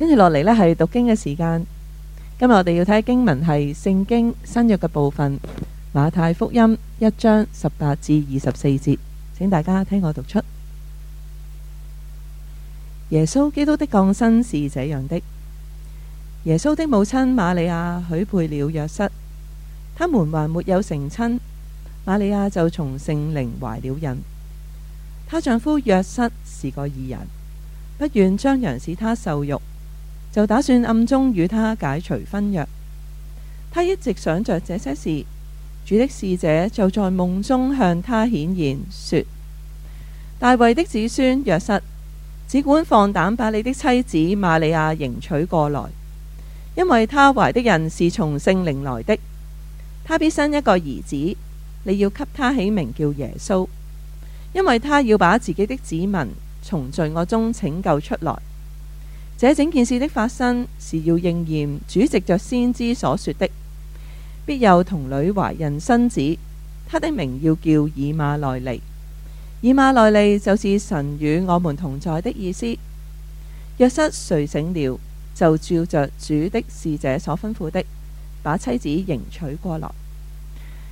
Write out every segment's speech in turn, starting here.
跟住落嚟呢係讀經嘅時間。今日我哋要睇經文係聖經新約嘅部分《馬太福音》一章十八至二十四節，請大家聽我讀出。耶穌基督的降生是這樣的：耶穌的母親瑪利亞許配了約瑟，他們還沒有成親，瑪利亞就從聖靈懷了孕。她丈夫約瑟是個義人，不願張揚使她受辱。就打算暗中與他解除婚約。他一直想着這些事，主的使者就在夢中向他顯現，說：大衛的子孫約瑟，只管放膽把你的妻子瑪利亞迎娶過來，因為他懷的人是從聖靈來的。他必生一個兒子，你要給他起名叫耶穌，因為他要把自己的子民從罪惡中拯救出來。這整件事的發生是要應驗主席着先知所說的，必有童女懷孕生子，他的名要叫以馬內利。以馬內利就是神與我們同在的意思。若失睡醒了，就照着主的使者所吩咐的，把妻子迎娶過來。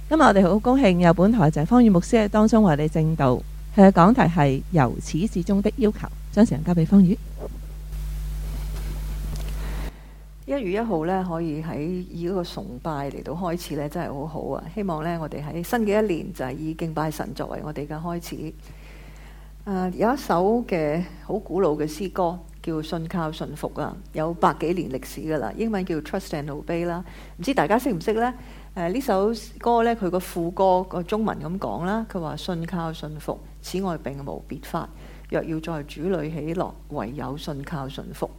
今日我哋好高興有本台鄭、就是、方宇牧師當中為你證道，佢嘅講題係由始至終的要求，將時間交俾方宇。一月一號咧，可以喺以一個崇拜嚟到開始咧，真係好好啊！希望呢，我哋喺新嘅一年就係以敬拜神作為我哋嘅開始、呃。有一首嘅好古老嘅詩歌叫《信靠信服》啊，有百幾年歷史噶啦，英文叫《Trust and obey》啦。唔知大家識唔識呢？誒、呃，呢首歌呢，佢個副歌個中文咁講啦，佢話：信靠信服，此外並無別法。若要在主裏喜樂，唯有信靠信服。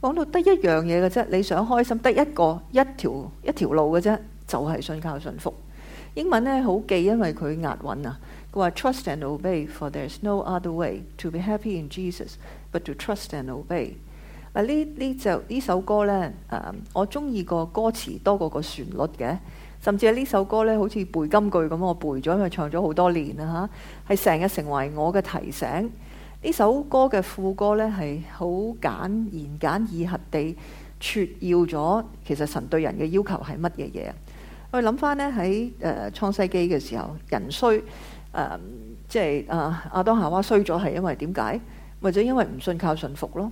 講到得一樣嘢嘅啫，你想開心得一個一條一條路嘅啫，就係信靠信服。英文呢，好記，因為佢押韻啊。佢話 Trust and obey，for there's no other way to be happy in Jesus but to trust and obey。啊，呢呢首呢首歌呢，我中意個歌詞多過個旋律嘅，甚至喺呢首歌呢好似背金句咁，我背咗，因為唱咗好多年啦嚇，係成日成為我嘅提醒。呢首歌嘅副歌呢，係好簡言簡意賅地撮要咗其實神對人嘅要求係乜嘢嘢？我哋諗返呢，喺誒創世紀嘅時候，人衰即係阿亞當夏娃衰咗係因為點解？或者因為唔信靠順服咯？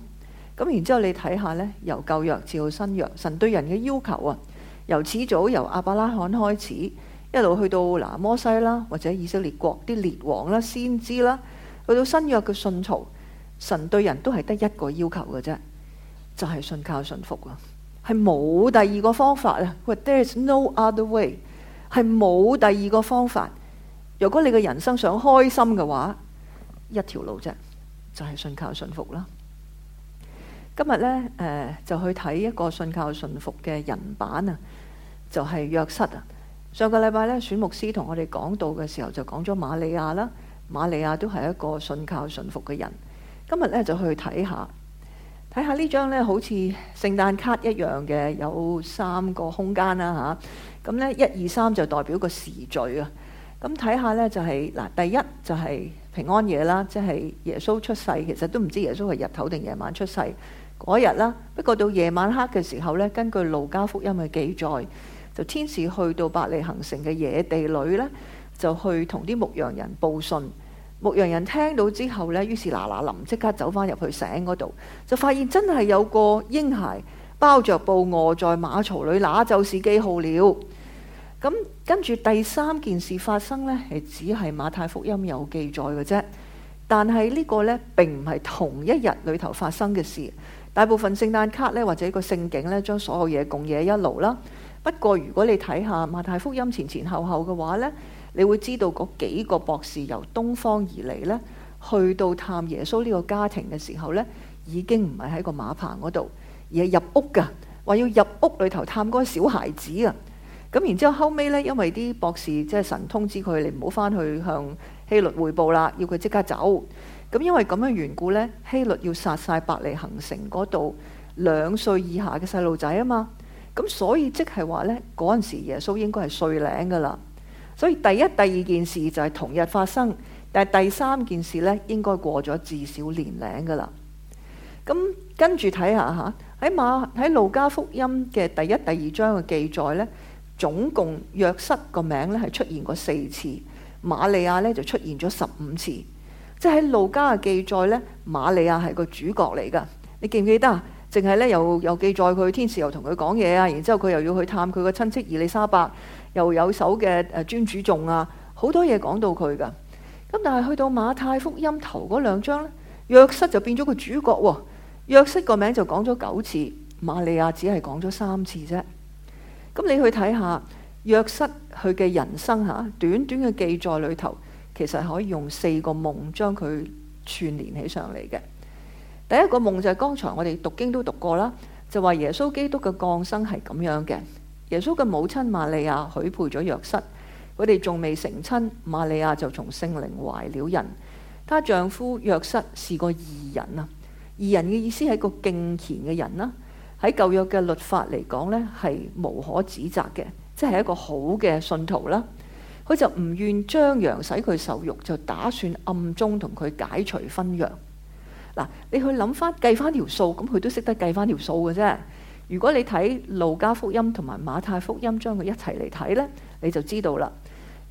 咁然之後你睇下呢，由舊約至到新約，神對人嘅要求啊，由始祖由亞伯拉罕開始，一路去到嗱摩西啦，或者以色列國啲列王啦、先知啦。去到新約嘅信徒，神對人都係得一個要求嘅啫，就係、是、信靠信、信服啊，係冇第二個方法啊。There is no other way，係冇第二個方法。如果你嘅人生想開心嘅話，一條路啫，就係、是、信靠、信服啦。今日咧，誒、呃、就去睇一個信靠、信服嘅人版啊，就係、是、約瑟啊。上個禮拜咧，選牧師同我哋講到嘅時候就講了了，就講咗瑪利亞啦。瑪利亞都係一個信靠信服嘅人，今日咧就去睇下，睇下呢張咧好似聖誕卡一樣嘅，有三個空間啦吓，咁咧一二三就代表個時序啊，咁睇下咧就係嗱，第一就係平安夜啦，即係耶穌出世，其實都唔知耶穌係日頭定夜晚出世嗰日啦，不過到夜晚黑嘅時候咧，根據路加福音嘅記載，就天使去到伯利恒城嘅野地裏咧。就去同啲牧羊人報信，牧羊人聽到之後呢，於是嗱嗱臨即刻走翻入去城嗰度，就發現真係有個嬰孩包着布臥在馬槽裏，那就是記號了。咁跟住第三件事發生呢，係只係馬太福音有記載嘅啫。但係呢個呢，並唔係同一日裏頭發生嘅事。大部分聖誕卡呢，或者個聖景呢，將所有嘢共冶一爐啦。不過如果你睇下馬太福音前前後後嘅話呢，你會知道嗰幾個博士由東方而嚟，呢去到探耶穌呢個家庭嘅時候呢，已經唔係喺個馬棚嗰度，而係入屋噶話要入屋裏頭探嗰個小孩子啊。咁然之後後尾呢，因為啲博士即係神通知佢，你唔好翻去向希律匯報啦，要佢即刻走。咁因為咁嘅緣故呢，希律要殺晒伯利恆城嗰度兩歲以下嘅細路仔啊嘛。咁所以即係話呢，嗰陣時候耶穌應該係歲零噶啦。所以第一、第二件事就係同日發生，但係第三件事呢應該過咗至少年齡㗎喇。咁跟住睇下吓，喺馬喺路加福音嘅第一、第二章嘅記載呢，總共約瑟個名呢係出現過四次，瑪利亞呢就出現咗十五次。即係喺路加嘅記載呢，瑪利亞係個主角嚟㗎。你記唔記得啊？淨係呢又又記載佢天使又同佢講嘢啊，然之後佢又要去探佢個親戚以利沙伯。又有手嘅誒，專主眾啊，好多嘢講到佢㗎。咁但係去到馬太福音頭嗰兩章呢,約瑟就變咗個主角喎。約瑟個名就講咗九次，瑪利亞只係講咗三次啫。咁你去睇下約瑟佢嘅人生吓，短短嘅記載裏頭，其實可以用四個夢將佢串聯起上嚟嘅。第一個夢就係剛才我哋讀經都讀過啦，就話耶穌基督嘅降生係咁樣嘅。耶穌嘅母親瑪利亞許配咗約瑟，佢哋仲未成親，瑪利亞就從聖靈懷了孕。她丈夫約瑟是個義人啊，義人嘅意思係一個敬虔嘅人啦。喺舊約嘅律法嚟講呢係無可指責嘅，即係一個好嘅信徒啦。佢就唔願張揚，使佢受辱，就打算暗中同佢解除婚約。嗱，你去諗翻計翻條數，咁佢都識得計翻條數嘅啫。如果你睇路加福音同埋馬太福音，將佢一齊嚟睇呢，你就知道啦。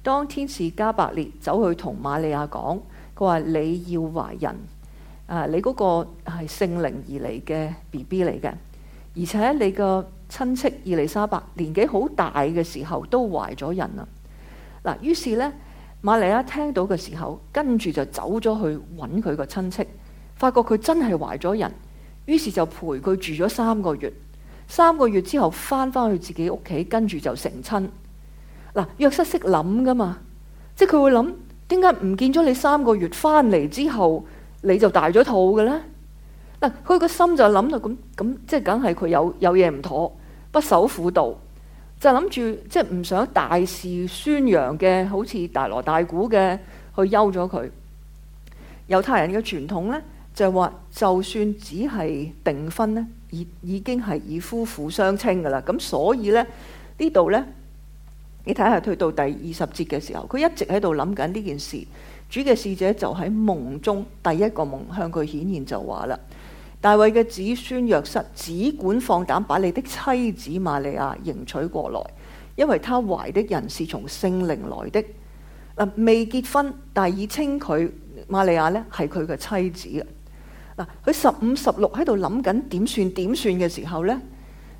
當天使加百列走去同瑪利亞講，佢話你要懷孕，啊，你嗰個係聖靈而嚟嘅 B B 嚟嘅，而且你個親戚伊麗莎白年紀好大嘅時候都懷咗人啦。嗱，於是呢，瑪利亞聽到嘅時候，跟住就走咗去揾佢個親戚，發覺佢真係懷咗人，於是就陪佢住咗三個月。三個月之後，翻翻去自己屋企，跟住就成親。嗱、啊，約瑟識諗噶嘛？即係佢會諗點解唔見咗你三個月翻嚟之後，你就大咗肚嘅咧？嗱、啊，佢個心就諗到咁咁，即係梗係佢有有嘢唔妥，不守婦道，就諗住即係唔想大肆宣揚嘅，好似大鑼大鼓嘅去休咗佢。猶太人嘅傳統咧，就話就算只係訂婚咧。已已經係以夫婦相稱噶啦，咁所以呢，呢度呢，你睇下，去到第二十節嘅時候，佢一直喺度諗緊呢件事。主嘅使者就喺夢中第一個夢向佢顯現，就話啦：大衛嘅子孫約瑟，只管放膽把你的妻子瑪利亞迎娶過來，因為他懷的人是從聖靈來的。嗱，未結婚但係已稱佢瑪利亞呢，係佢嘅妻子佢十五十六喺度諗緊點算點算嘅時候呢，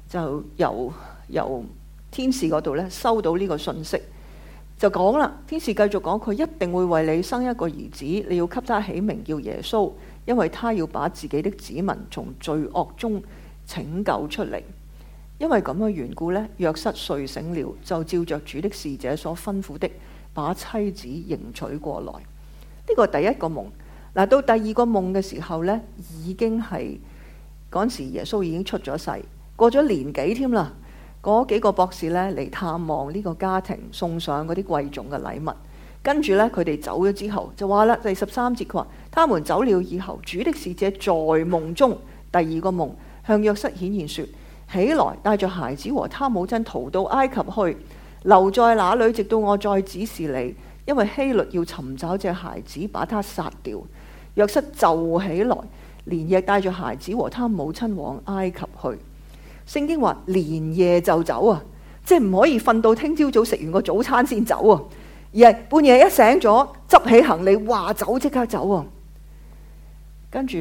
就由由天使嗰度咧收到呢個信息，就講啦。天使繼續講，佢一定會為你生一個兒子，你要給他起名叫耶穌，因為他要把自己的子民從罪惡中拯救出嚟。因為咁嘅緣故呢，約瑟睡醒了，就照着主的使者所吩咐的，把妻子迎娶過來。呢、這個第一個夢。嗱，到第二個夢嘅時候呢，已經係嗰時耶穌已經出咗世，過咗年幾添啦。嗰幾個博士呢，嚟探望呢個家庭，送上嗰啲貴重嘅禮物。跟住呢，佢哋走咗之後，就話啦，第十三節佢話：他們走了以後，主的使者在夢中第二個夢向約瑟顯現，說：起來，帶着孩子和他母親逃到埃及去，留在那裏，直到我再指示你，因為希律要尋找只孩子，把他殺掉。約瑟就起來，連夜帶住孩子和他母親往埃及去。聖經話連夜就走啊，即係唔可以瞓到聽朝早食完個早餐先走啊，而係半夜一醒咗，執起行李話走，即刻走啊。跟住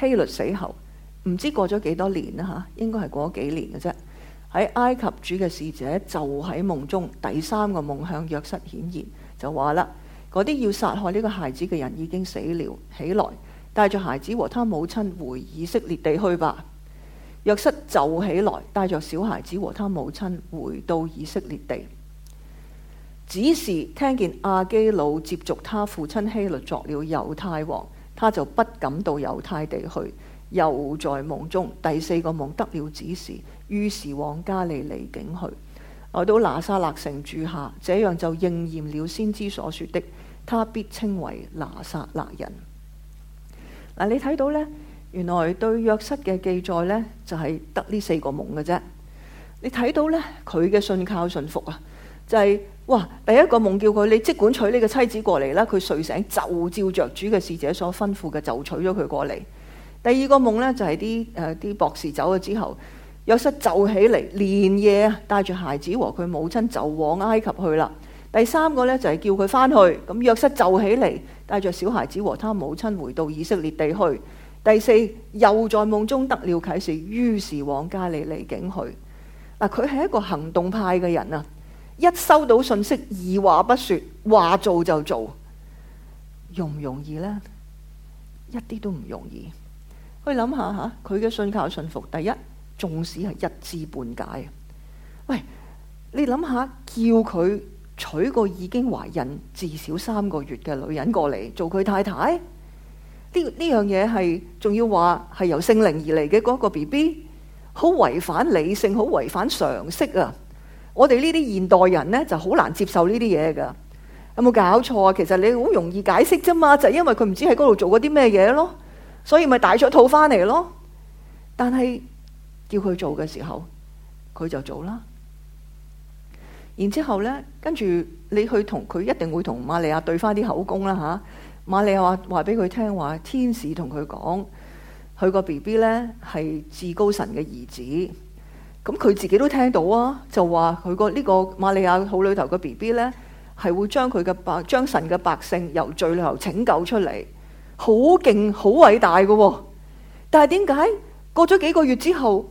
希律死後，唔知過咗幾多年啦吓，應該係過咗幾年嘅啫。喺埃及，主嘅使者就喺夢中第三個夢向約瑟顯現，就話啦。嗰啲要殺害呢個孩子嘅人已經死了，起來，帶着孩子和他母親回以色列地去吧。約瑟就起來，帶着小孩子和他母親回到以色列地。只是聽見亞基老接續他父親希律作了猶太王，他就不敢到猶太地去。又在夢中第四個夢得了指示，於是往加利利境去，來到拿撒勒城住下。這樣就應驗了先知所說的。他必稱為拿撒勒人。嗱，你睇到咧，原來對約瑟嘅記載咧，就係得呢四個夢嘅啫。你睇到咧，佢嘅信靠、信服啊，就係、是、哇！第一個夢叫佢，你即管娶你個妻子過嚟啦。佢睡醒就照著，著主嘅使者所吩咐嘅，就娶咗佢過嚟。第二個夢咧，就係啲啲博士走咗之後，約瑟就起嚟，連夜帶住孩子和佢母親就往埃及去啦。第三個咧就係叫佢翻去，咁約瑟就起嚟，帶着小孩子和他母親回到以色列地去。第四又在夢中得了啟示，於是往加利利境去。嗱，佢係一個行動派嘅人啊！一收到信息，二話不說話做就做，容唔容易呢？一啲都唔容易。去諗下佢嘅信靠信服，第一，縱使係一知半解。喂，你諗下叫佢？娶個已經懷孕至少三個月嘅女人過嚟做佢太太，呢呢樣嘢，係仲要話係由聖靈而嚟嘅嗰個 BB，好違反理性，好違反常識啊！我哋呢啲現代人呢就好難接受呢啲嘢噶，有冇搞錯啊？其實你好容易解釋啫嘛，就係因為佢唔知喺嗰度做過啲咩嘢咯，所以咪帶咗套翻嚟咯。但係叫佢做嘅時候，佢就做啦。然之後呢，跟住你去同佢一定會同瑪利亞對翻啲口供啦嚇。瑪利亞話俾佢聽話，天使同佢講，佢個 B B 呢係至高神嘅兒子。咁佢自己都聽到啊，就話佢個呢個瑪利亞肚裏頭個 B B 呢係會將佢嘅百將神嘅百姓由罪裏頭拯救出嚟，好勁，好偉大嘅、哦。但係點解過咗幾個月之後，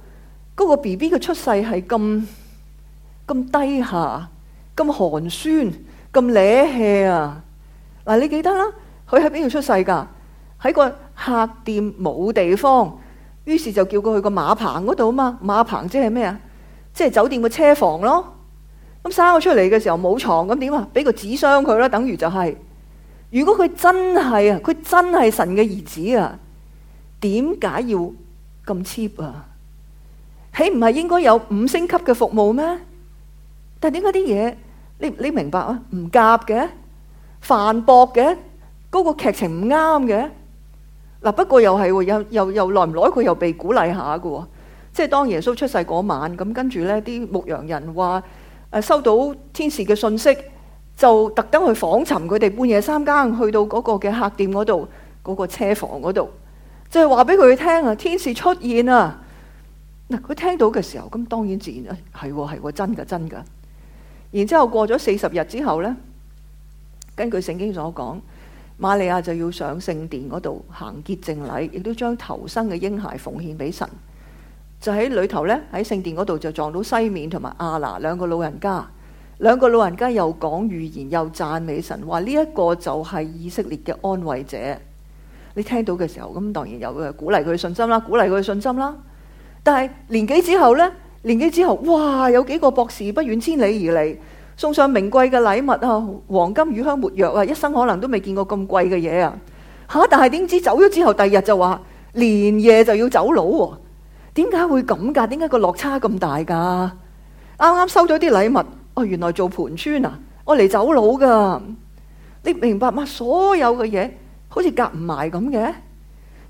嗰、嗰個 B B 嘅出世係咁？咁低下、咁寒酸、咁僂氣啊！嗱，你記得啦，佢喺邊度出世㗎？喺個客店冇地方，於是就叫佢去個馬棚嗰度啊嘛。馬棚即係咩啊？即係酒店嘅車房咯。咁生咗出嚟嘅時候冇床，咁點啊？俾個紙箱佢啦，等於就係、是。如果佢真係啊，佢真係神嘅兒子啊，點解要咁 cheap 啊？豈唔係應該有五星級嘅服務咩？但點解啲嘢，你你明白啊？唔夾嘅，犯駁嘅，嗰個劇情唔啱嘅。嗱，不過又係又又又耐唔耐佢又被鼓勵下喎。即係當耶穌出世嗰晚，咁跟住咧啲牧羊人話，誒，收到天使嘅信息，就特登去訪尋佢哋，半夜三更去到嗰個嘅客店嗰度，嗰個車房嗰度，即係話俾佢聽啊，天使出現啊！嗱，佢聽到嘅時候，咁當然自然喎，係係真嘅真嘅。然之後過咗四十日之後呢，根據聖經所講，瑪利亞就要上聖殿嗰度行潔淨禮，亦都將投生嘅嬰孩奉獻俾神。就喺裏頭呢，喺聖殿嗰度就撞到西面同埋亞拿兩個老人家，兩個老人家又講預言，又讚美神，話呢一個就係以色列嘅安慰者。你聽到嘅時候，咁當然有誒鼓勵佢信心啦，鼓勵佢信心啦。但係年紀之後呢。年紀之後，哇，有幾個博士不遠千里而嚟，送上名貴嘅禮物啊，黃金乳香沒藥啊，一生可能都未見過咁貴嘅嘢啊，吓！但係點知走咗之後，第二日就話連夜就要走佬喎。點解會咁噶？點解個落差咁大噶？啱啱收咗啲禮物，哦，原來做盤村啊，我嚟走佬噶，你明白嗎？所有嘅嘢好似夾唔埋咁嘅。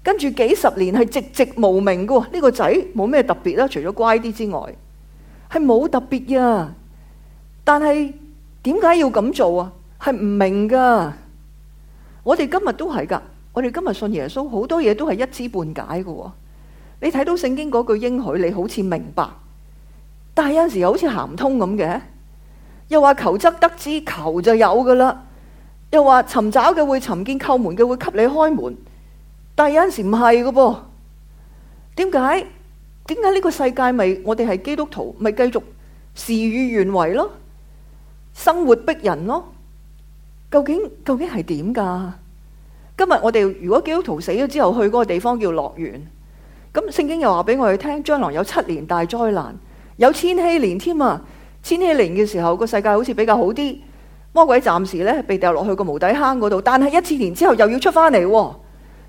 跟住幾十年係寂寂無名噶，呢個仔冇咩特別啦，除咗乖啲之外，係冇特別呀。但係點解要咁做啊？係唔明噶。我哋今日都係噶，我哋今日信耶穌，好多嘢都係一知半解噶。你睇到聖經嗰句應許，你好似明白，但係有陣時好似行唔通咁嘅。又話求則得知，求就有噶啦。又話尋找嘅會尋見，叩門嘅會給你開門。但有陣時唔係噶噃？點解？點解呢個世界咪、就是、我哋係基督徒咪繼、就是、續事與願違咯？生活逼人咯？究竟究竟係點噶？今日我哋如果基督徒死咗之後去嗰個地方叫樂園，咁聖經又話俾我哋聽，將來有七年大災難，有千禧年添啊！千禧年嘅時候，個世界好似比較好啲，魔鬼暫時咧被掉落去個無底坑嗰度，但係一千年之後又要出翻嚟。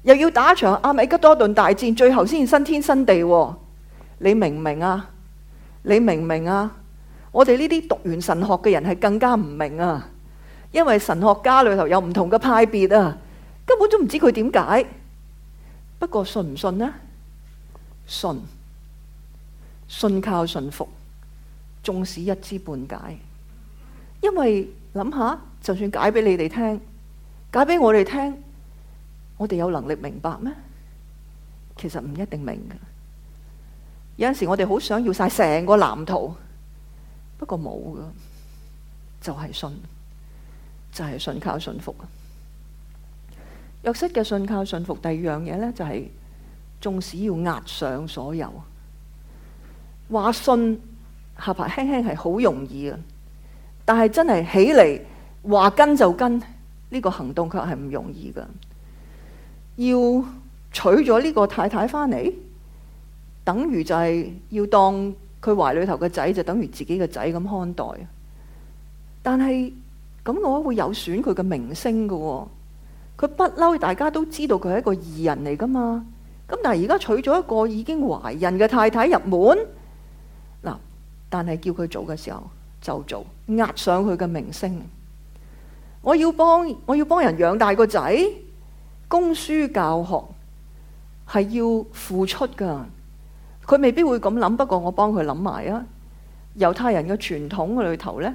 又要打場阿米吉多頓大戰，最後先至新天新地。你明唔明啊？你明唔明，啊，明，明啊？我哋呢啲讀完神學嘅人係更加唔明啊！因為神學家裏頭有唔同嘅派別啊，根本都唔知佢點解。不過信唔信呢？信，信靠信服，縱使一知半解。因為諗下，就算解俾你哋聽，解俾我哋聽。我哋有能力明白咩？其實唔一定明嘅。有陣時我哋好想要晒成個藍圖，不過冇噶，就係信，就係信靠信服啊。約塞嘅信靠信服，第二樣嘢咧就係縱使要壓上所有，話信下巴輕輕係好容易啊，但係真係起嚟話跟就跟呢個行動卻係唔容易噶。要娶咗呢個太太翻嚟，等於就係要當佢懷裏頭嘅仔，就等於自己嘅仔咁看待。但係咁，那我會有損佢嘅名聲噶喎。佢不嬲，大家都知道佢係一個藝人嚟噶嘛。咁但係而家娶咗一個已經懷孕嘅太太入門，嗱，但係叫佢做嘅時候就做，壓上佢嘅名聲。我要幫我要幫人養大個仔。供書教學係要付出噶，佢未必會咁諗。不過我幫佢諗埋啊，猶太人嘅傳統裏頭咧，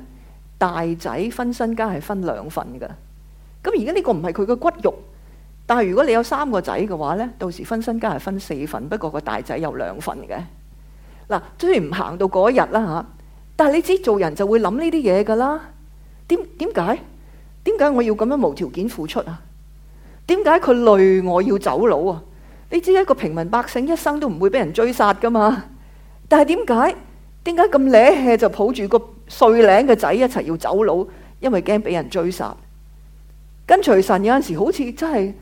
大仔分身家係分兩份噶。咁而家呢個唔係佢嘅骨肉，但係如果你有三個仔嘅話咧，到時分身家係分四份。不過個大仔有兩份嘅。嗱，雖然唔行到嗰日啦吓，但係你知做人就會諗呢啲嘢噶啦。點點解？點解我要咁樣無條件付出啊？點解佢累我要走佬啊？你知一個平民百姓一生都唔會俾人追殺噶嘛？但係點解？點解咁叻氣就抱住個碎領嘅仔一齊要走佬？因為驚俾人追殺。跟隨神有陣時好似真係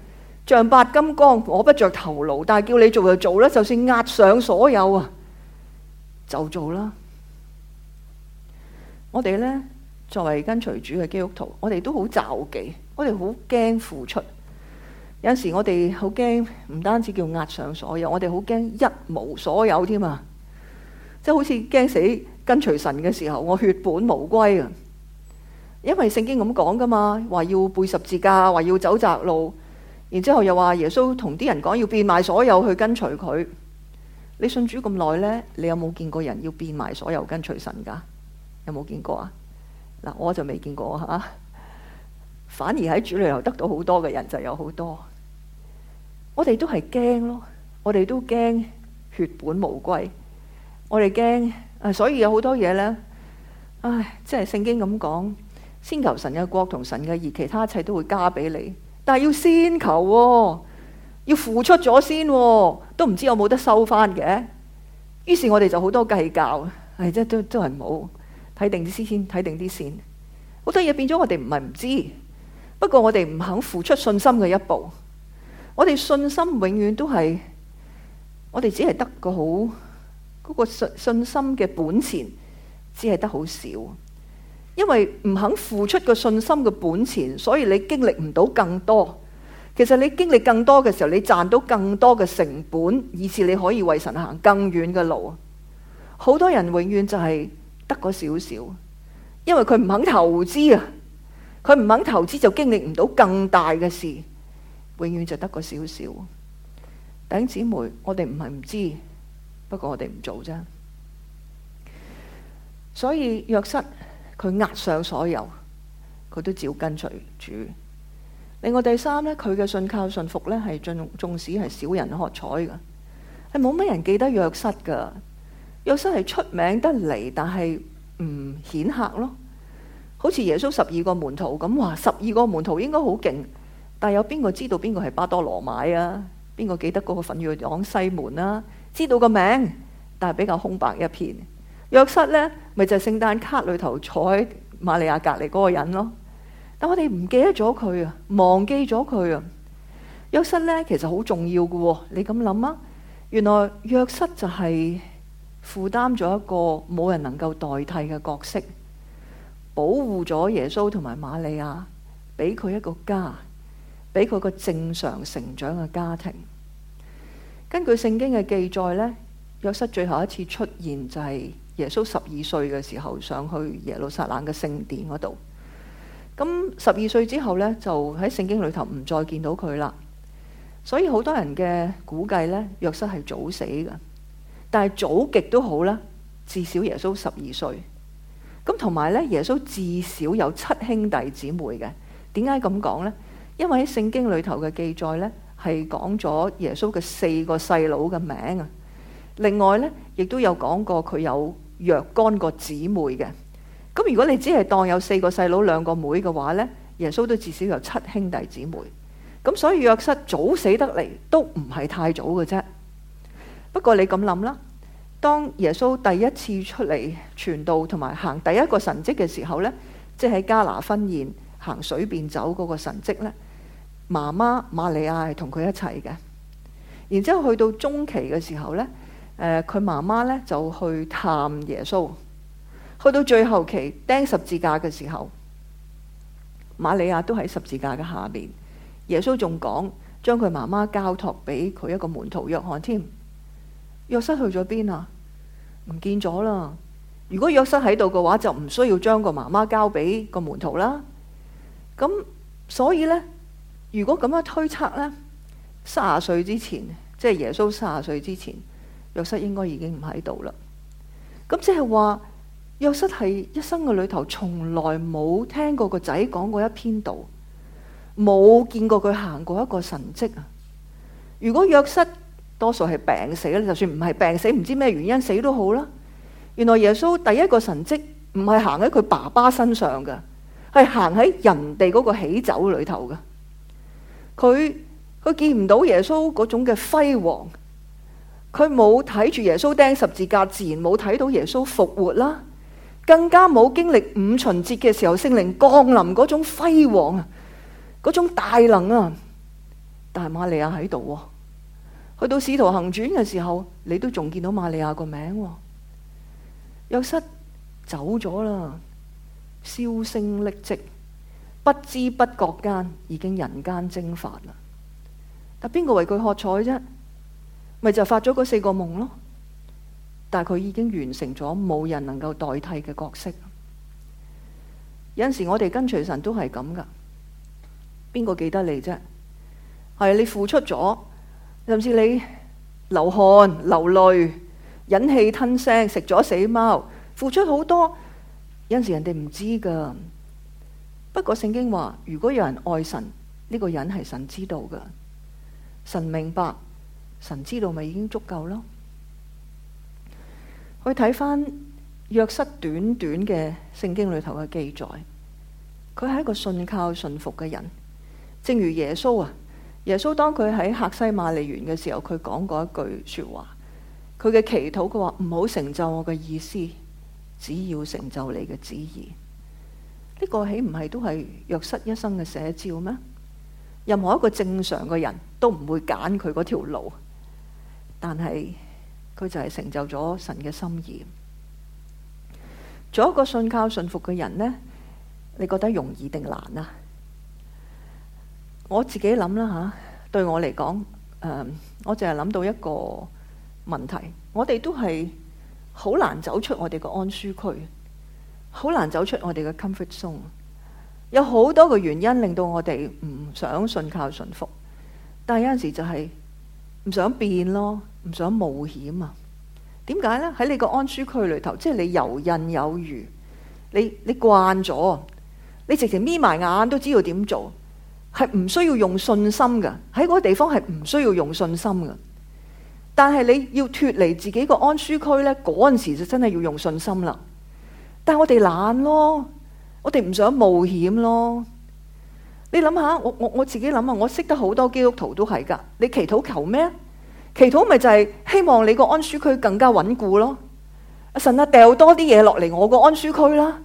丈八金剛，摸不着頭腦，但係叫你做就做啦，就算壓上所有啊，就做啦。我哋呢，作為跟隨主嘅基督徒，我哋都好就忌，我哋好驚付出。有陣時我哋好驚，唔單止叫押上所有，我哋好驚一無所有添啊！即係好似驚死跟隨神嘅時候，我血本無歸啊！因為聖經咁講噶嘛，話要背十字架，話要走窄路，然之後又話耶穌同啲人講要變賣所有去跟隨佢。你信主咁耐呢？你有冇見過人要變賣所有跟隨神噶？有冇見過啊？嗱，我就未見過吓，啊，反而喺主裏頭得到好多嘅人就有好多。我哋都係驚咯，我哋都驚血本無歸，我哋驚啊！所以有好多嘢咧，唉，即係聖經咁講，先求神嘅國同神嘅義，其他一切都會加俾你。但係要先求、啊，要付出咗先、啊，都唔知有冇得收翻嘅。於是我哋就好多計較，唉，即係都都係冇睇定啲先，先睇定啲先。好多嘢變咗，我哋唔係唔知，不過我哋唔肯付出信心嘅一步。我哋信心永遠都係，我哋只係得個好嗰個信信心嘅本錢，只係得好少。因為唔肯付出個信心嘅本錢，所以你經歷唔到更多。其實你經歷更多嘅時候，你賺到更多嘅成本，以至你可以為神行更遠嘅路。好多人永遠就係得嗰少少，因為佢唔肯投資啊！佢唔肯投資就經歷唔到更大嘅事。永遠就得個少少，頂姊妹，我哋唔係唔知，不過我哋唔做啫。所以約瑟，佢壓上所有，佢都照跟隨主。另外第三咧，佢嘅信靠、信服咧，係盡縱使係少人喝彩㗎，係冇乜人記得約瑟㗎。約瑟係出名得嚟，但係唔顯赫咯。好似耶穌十二個門徒咁，話十二個門徒應該好勁。但有邊個知道邊個係巴多羅買啊？邊個記得嗰個奮銳黨西門啦，啊？知道個名，但係比較空白一片。約瑟呢咪就係聖誕卡裏頭坐喺瑪利亞隔離嗰個人咯。但我哋唔記得咗佢啊，忘記咗佢啊。約瑟呢其實好重要喎，你咁諗啊？原來約瑟就係負擔咗一個冇人能夠代替嘅角色，保護咗耶穌同埋瑪利亞，俾佢一個家。俾佢個正常成長嘅家庭。根據聖經嘅記載呢，約瑟最後一次出現就係耶穌十二歲嘅時候，上去耶路撒冷嘅聖殿嗰度。咁十二歲之後呢，就喺聖經裏頭唔再見到佢啦。所以好多人嘅估計呢，約瑟係早死嘅。但係早極都好啦，至少耶穌十二歲。咁同埋咧，耶穌至少有七兄弟姊妹嘅。點解咁講呢？因為喺聖經裏頭嘅記載呢，係講咗耶穌嘅四個細佬嘅名啊。另外呢，亦都有講過佢有若干個姊妹嘅。咁如果你只係當有四個細佬兩個妹嘅話呢，耶穌都至少有七兄弟姊妹。咁所以約瑟早死得嚟都唔係太早嘅啫。不過你咁諗啦，當耶穌第一次出嚟傳道同埋行第一個神蹟嘅時候呢，即係喺加拿婚宴行水變酒嗰個神蹟呢。媽媽瑪利亞係同佢一齊嘅，然之後去到中期嘅時候咧，誒佢媽媽咧就去探耶穌，去到最後期釘十字架嘅時候，瑪利亞都喺十字架嘅下邊，耶穌仲講將佢媽媽交托俾佢一個門徒約翰添。約瑟去咗邊啊？唔見咗啦！如果約瑟喺度嘅話，就唔需要將個媽媽交俾個門徒啦。咁所以咧。如果咁樣推測咧，三十歲之前，即係耶穌三十歲之前，約瑟應該已經唔喺度啦。咁即係話約瑟係一生嘅裏頭，從來冇聽過個仔講過一篇道，冇見過佢行過一個神蹟啊。如果約瑟多數係病死咧，就算唔係病死，唔知咩原因死都好啦。原來耶穌第一個神蹟唔係行喺佢爸爸身上嘅，係行喺人哋嗰個喜酒裏頭嘅。佢佢見唔到耶穌嗰種嘅輝煌，佢冇睇住耶穌釘十字架，自然冇睇到耶穌復活啦，更加冇經歷五旬節嘅時候聖靈降臨嗰種輝煌啊，嗰種大能啊！但係瑪利亞喺度喎，去到使徒行傳嘅時候，你都仲見到瑪利亞個名喎，約瑟走咗啦，銷聲匿跡。不知不覺間已經人間蒸發啦，但邊個為佢喝彩啫？咪就發咗嗰四個夢咯。但係佢已經完成咗冇人能夠代替嘅角色。有陣時我哋跟隨神都係咁噶，邊個記得你啫？係你付出咗，甚至你流汗、流淚、忍氣吞聲、食咗死貓，付出好多。有陣時人哋唔知噶。不過聖經話，如果有人愛神，呢個人係神知道嘅，神明白，神知道咪已經足夠咯。去睇翻約瑟短短嘅聖經裏頭嘅記載，佢係一個信靠信服嘅人。正如耶穌啊，耶穌當佢喺客西馬尼園嘅時候，佢講過一句說話，佢嘅祈禱佢話，唔好成就我嘅意思，只要成就你嘅旨意。呢個豈唔係都係約瑟一生嘅寫照咩？任何一個正常嘅人都唔會揀佢嗰條路，但係佢就係成就咗神嘅心意。做一個信靠信服嘅人呢，你覺得容易定難啊？我自己諗啦吓，對我嚟講，誒，我淨係諗到一個問題，我哋都係好難走出我哋個安舒區。好難走出我哋嘅 comfort zone，有好多個原因令到我哋唔想信靠順服。但係有陣時就係唔想變咯，唔想冒險啊！點解呢？喺你個安舒區裏頭，即係你游刃有餘，你你慣咗，你直情眯埋眼都知道點做，係唔需要用信心嘅。喺嗰個地方係唔需要用信心嘅，但係你要脫離自己個安舒區呢，嗰陣時就真係要用信心啦。但我哋懶咯，我哋唔想冒險咯。你諗下，我我我自己諗下，我識得好多基督徒都係噶。你祈禱求咩？祈禱咪就係希望你個安舒區更加穩固咯。神啊，掉多啲嘢落嚟我個安舒區啦。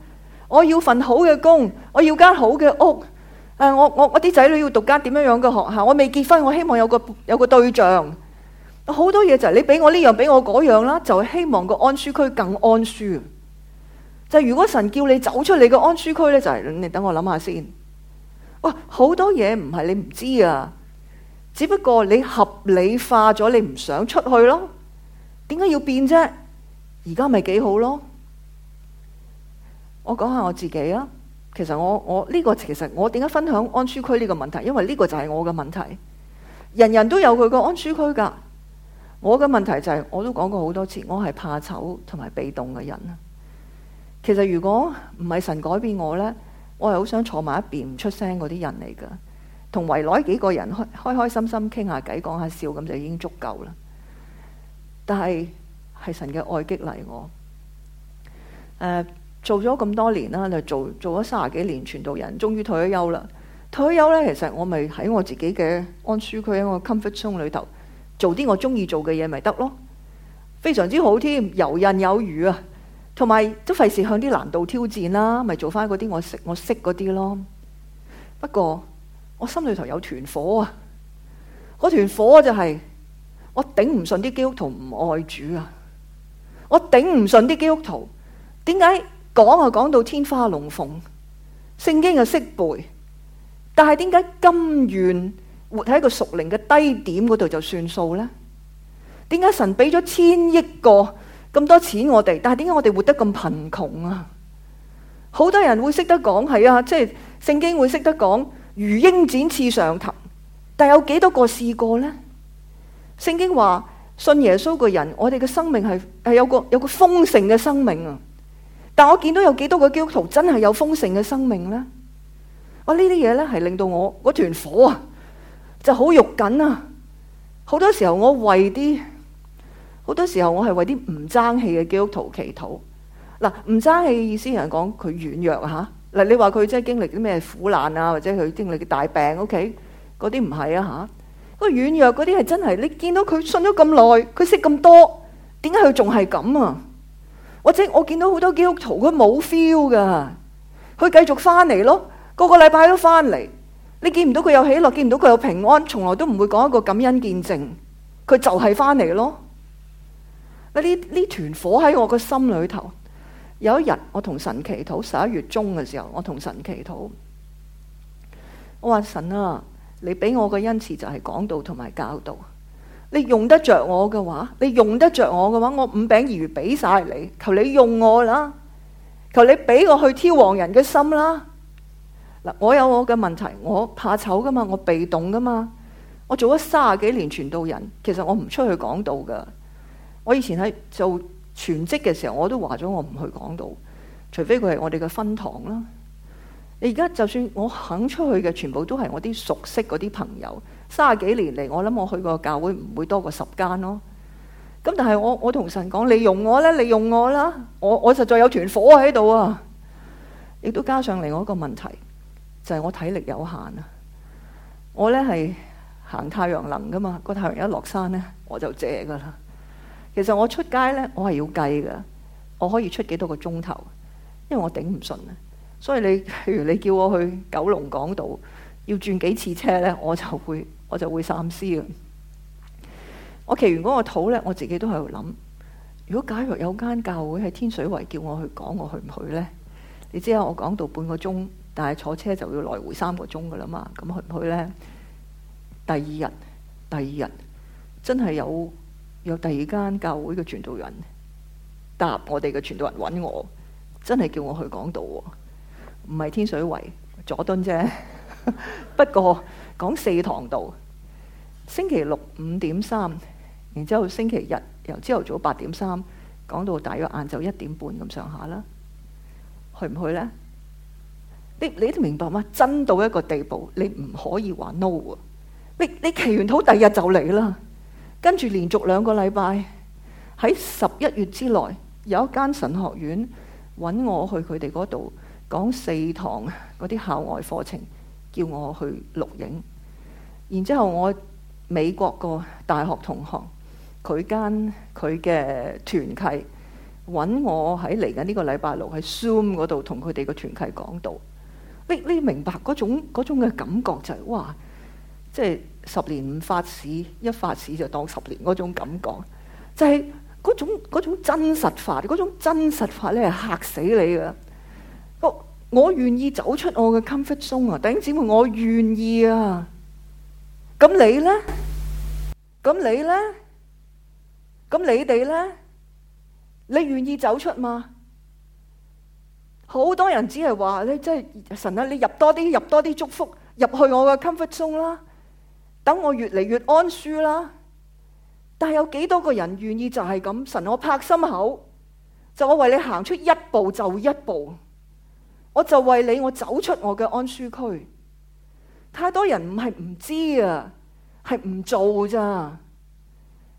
我要份好嘅工，我要間好嘅屋。誒，我我我啲仔女要讀間點樣樣嘅學校。我未結婚，我希望有個有個對象。好多嘢就係你俾我呢樣，俾我嗰樣啦，就係希望個安舒區更安舒。就係如果神叫你走出你個安舒區咧，就係、是、你等我諗下先。哇，好多嘢唔係你唔知啊，只不過你合理化咗你唔想出去咯。點解要變啫？而家咪幾好咯？我講下我自己啦。其實我我呢、這個其實我點解分享安舒區呢個問題，因為呢個就係我嘅問題。人人都有佢個安舒區噶。我嘅問題就係、是、我都講過好多次，我係怕醜同埋被動嘅人啊。其實如果唔係神改變我呢，我係好想坐埋一邊唔出聲嗰啲人嚟噶，同圍內幾個人開開心心傾下偈，講下笑咁就已經足夠啦。但係係神嘅愛激勵我，呃、做咗咁多年啦，就做做咗三十幾年傳道人，終於退咗休啦。退咗休呢，其實我咪喺我自己嘅安舒區，我的 comfort zone 裏頭做啲我中意做嘅嘢，咪得咯，非常之好添，游刃有餘啊！同埋都費事向啲難度挑戰啦，咪做翻嗰啲我識我識嗰啲咯。不過我心裏頭有團火啊，嗰團火就係我頂唔順啲基督徒唔愛主啊，我頂唔順啲基督徒，點解講啊講到天花龍鳳，聖經嘅識背，但係點解甘願活喺個熟齡嘅低點嗰度就算數咧？點解神俾咗千億個？咁多錢我哋，但係點解我哋活得咁貧窮啊？好多人會識得講係啊，即係聖經會識得講如鷹展翅上騰，但有幾多個試過呢？聖經話信耶穌嘅人，我哋嘅生命係係有個有個豐盛嘅生命啊！但我見到有幾多個基督徒真係有豐盛嘅生命呢？我呢啲嘢呢，係令到我嗰團火啊，就好肉緊啊！好多時候我為啲。好多時候我係為啲唔爭氣嘅基督徒祈禱。嗱，唔爭氣嘅意思係講佢軟弱吓。嗱，你話佢即係經歷啲咩苦難啊，或者佢經歷嘅大病，OK？嗰啲唔係啊吓。嗰軟弱嗰啲係真係你見到佢信咗咁耐，佢識咁多，點解佢仲係咁啊？或者我見到好多基督徒佢冇 feel 㗎，佢繼續返嚟咯。個個禮拜都返嚟，你見唔到佢有喜樂，見唔到佢有平安，從來都唔會講一個感恩見證。佢就係返嚟咯。呢呢團火喺我個心裏頭。有一日，我同神祈禱，十一月中嘅時候，我同神祈禱。我話神啊，你俾我嘅恩賜就係講道同埋教導。你用得着我嘅話，你用得着我嘅話，我五餅二魚俾曬你。求你用我啦，求你俾我去挑旺人嘅心啦。嗱，我有我嘅問題，我怕醜噶嘛，我被動噶嘛。我做咗三十幾年傳道人，其實我唔出去講道噶。我以前喺做全職嘅時候，我都話咗我唔去講道，除非佢係我哋嘅分堂啦。你而家就算我肯出去嘅，全部都係我啲熟悉嗰啲朋友。三十幾年嚟，我諗我去過教會唔會多過十間咯。咁但係我我同神講，利用我咧，利用我啦。我我實在有團火喺度啊！亦都加上另外一個問題，就係我體力有限啊。我咧係行太陽能噶嘛，個太陽一落山咧，我就借噶啦。其實我出街呢，我係要計噶，我可以出幾多個鐘頭，因為我頂唔順啊。所以你，譬如你叫我去九龍港島，要轉幾次車呢，我就會我就會三思啊。我祈完嗰個禱呢，我自己都喺度諗，如果假若有間教會喺天水圍叫我去講，我去唔去呢？你知啊，我講到半個鐘，但係坐車就要來回三個鐘噶啦嘛，咁去唔去呢？第二日，第二日真係有。有第二間教會嘅傳道人答我哋嘅傳道人揾我，真係叫我去講道喎。唔係天水圍佐敦啫。 不過講四堂道，星期六五點三，3, 然之後星期日由朝頭早八點三講到大約晏晝一點半咁上下啦。去唔去咧？你你都明白嗎？真到一個地步，你唔可以話 no 啊！你你祈完土，第二日就嚟啦。跟住連續兩個禮拜喺十一月之內，有一間神學院揾我去佢哋嗰度講四堂嗰啲校外課程，叫我去錄影。然之後我美國個大學同學，佢間佢嘅團契揾我喺嚟緊呢個禮拜六喺 Zoom 嗰度同佢哋個團契講道。你你明白嗰種嗰種嘅感覺就係、是、哇！即係十年唔發市，一發市就當十年嗰種感覺，就係嗰種嗰種真實法，嗰種真實法咧係嚇死你噶！我我願意走出我嘅 comfort zone 啊，弟兄姊妹，我願意啊！咁你咧？咁你咧？咁你哋咧？你願意走出嗎？好多人只係話你即係神啊！你入多啲入多啲祝福入去我嘅 comfort zone 啦。等我越嚟越安舒啦，但係有幾多個人願意就係咁？神，我拍心口，就我為你行出一步就一步，我就為你，我走出我嘅安舒區。太多人唔係唔知啊，係唔做咋。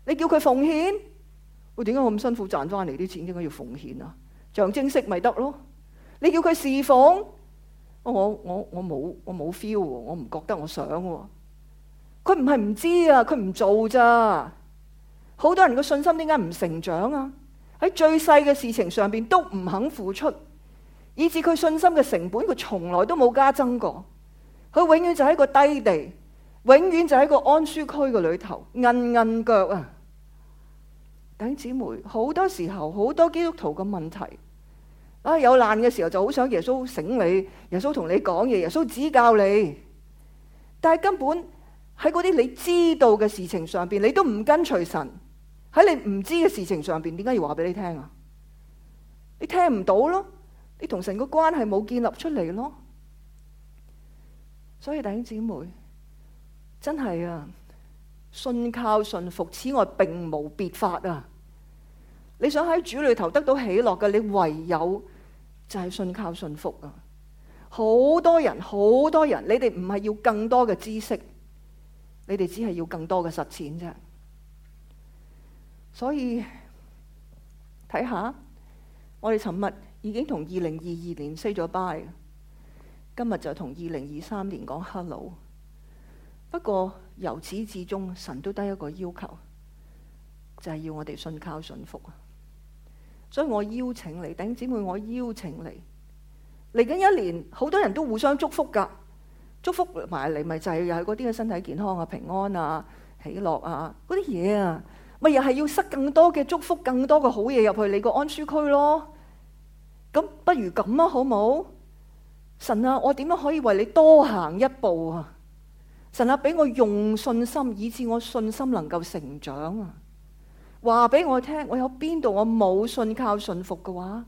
你叫佢奉獻，我點解我咁辛苦賺翻嚟啲錢點解要奉獻啊？象徵式咪得咯？你叫佢侍奉，我我我冇我冇 feel，我唔覺得我想喎。佢唔係唔知啊，佢唔做咋。好多人個信心點解唔成長啊？喺最細嘅事情上邊都唔肯付出，以至佢信心嘅成本佢從來都冇加增過。佢永遠就喺個低地，永遠就喺個安舒區嘅裏頭，硬硬腳啊！弟兄姊妹，好多時候好多基督徒嘅問題，啊有難嘅時候就好想耶穌醒你，耶穌同你講嘢，耶穌指教你，但係根本。喺嗰啲你知道嘅事情上邊，你都唔跟隨神；喺你唔知嘅事情上邊，點解要話俾你聽啊？你聽唔到咯，你同神個關係冇建立出嚟咯。所以弟兄姊妹，真係啊，信靠信服，此外並無別法啊！你想喺主裏頭得到喜樂嘅，你唯有就係信靠信服啊！好多人，好多人，你哋唔係要更多嘅知識。你哋只係要更多嘅實踐啫，所以睇下，我哋尋日已經同二零二二年 say 咗拜，今日就同二零二三年講 hello。不過由始至終，神都得一個要求，就係要我哋信靠信服啊！所以我邀請你，頂姊妹，我邀請你，嚟緊一年，好多人都互相祝福噶。祝福埋嚟，咪就係又係嗰啲嘅，身體健康啊、平安啊、喜樂啊，嗰啲嘢啊，咪又係要塞更多嘅祝福、更多嘅好嘢入去你個安舒區咯。咁不如咁啊，好冇？神啊，我點樣可以為你多行一步啊？神啊，俾我用信心，以致我信心能夠成長啊，話俾我聽，我有邊度我冇信靠信服嘅，話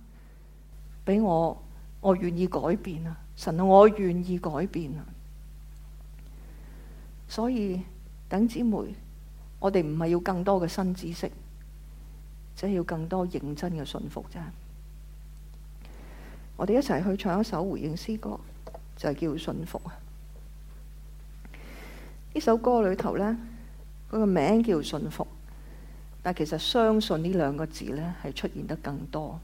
俾我，我願意改變啊。神啊，我願意改變啊。所以，等姊妹，我哋唔係要更多嘅新知識，即係要更多認真嘅信服啫。我哋一齊去唱一首回應詩歌，就係叫信服。呢首歌裏頭呢，佢個名叫信服，但其實相信呢兩個字呢，係出現得更多。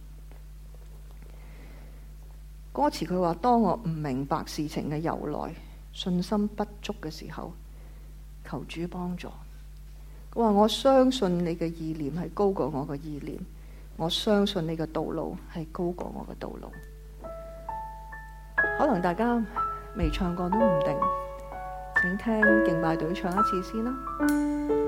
歌詞佢話，當我唔明白事情嘅由來，信心不足嘅時候。求主幫助，我話我相信你嘅意念係高過我嘅意念，我相信你嘅道路係高過我嘅道路。可能大家未唱過都唔定，請聽敬拜隊唱一次先啦。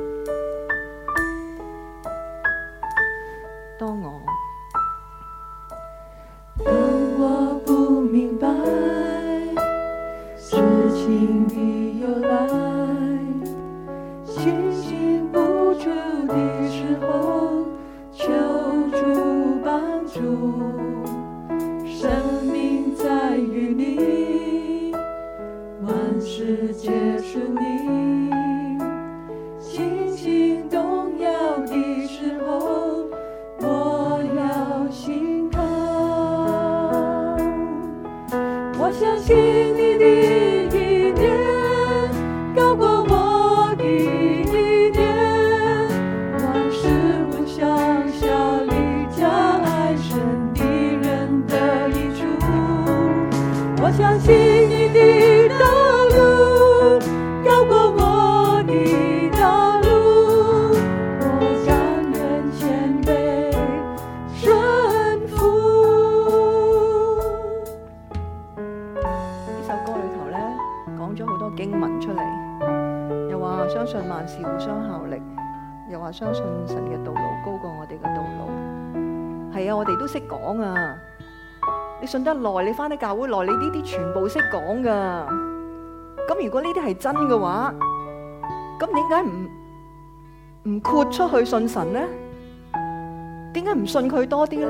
相信神嘅道路高過我哋嘅道路，係啊，我哋都識講啊。你信得耐，你翻啲教會耐，你呢啲全部識講噶。咁如果呢啲係真嘅話，咁點解唔唔豁出去信神呢？點解唔信佢多啲咧？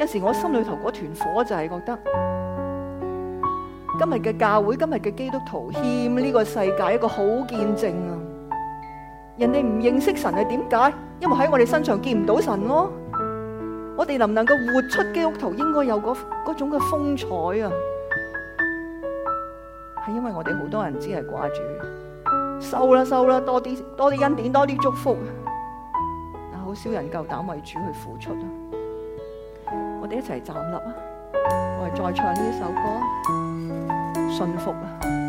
有時我心裏頭嗰團火就係覺得，今日嘅教會，今日嘅基督徒欠呢個世界一個好見證啊！人哋唔認識神係點解？因為喺我哋身上見唔到神咯、啊。我哋能唔能夠活出基督徒應該有嗰種嘅風采啊？係因為我哋好多人只係掛住收啦收啦，多啲多啲恩典，多啲祝福。但係好少人夠膽為主去付出啊！我哋一齊站立啊！我哋再唱呢一首歌，信服啊！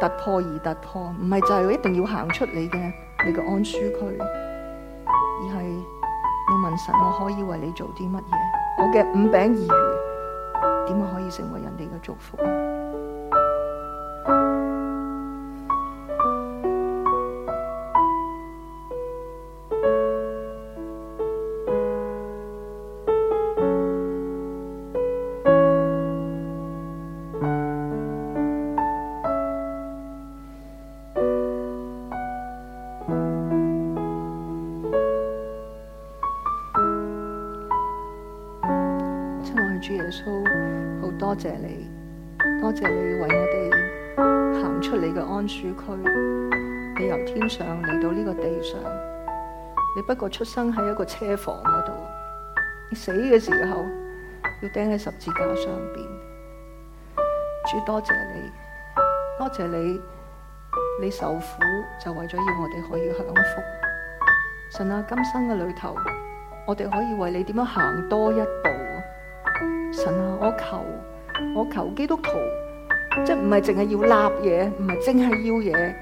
突破而突破，唔係就係一定要行出的你嘅你嘅安舒區，而係你問神，我可以為你做啲乜嘢？我嘅五餅二魚點可以成為人哋嘅祝福？我向主耶穌好多謝你，多謝你為我哋行出你嘅安舒區。你由天上嚟到呢個地上，你不過出生喺一個車房嗰度，你死嘅時候要釘喺十字架上邊。主多謝你，多謝你，你受苦就為咗要我哋可以享福。神啊，今生嘅旅途，我哋可以為你點樣行多一步？神啊，我求我求基督徒，即係唔係淨係要立嘢，唔係淨係要嘢，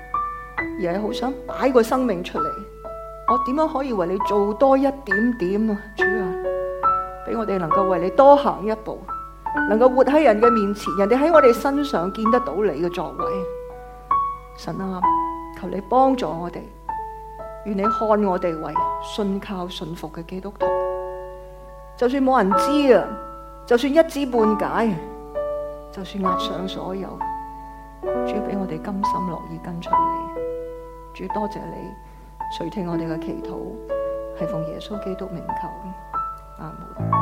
而係好想擺個生命出嚟。我點樣可以為你做多一點點啊？主啊，俾我哋能夠為你多行一步，能夠活喺人嘅面前，人哋喺我哋身上見得到你嘅作為。神啊，求你幫助我哋，願你看我哋為信靠、信服嘅基督徒，就算冇人知啊。就算一知半解，就算押上所有，主俾我哋甘心樂意跟隨你。主多謝你，垂聽我哋嘅祈禱，係奉耶穌基督名求。阿門。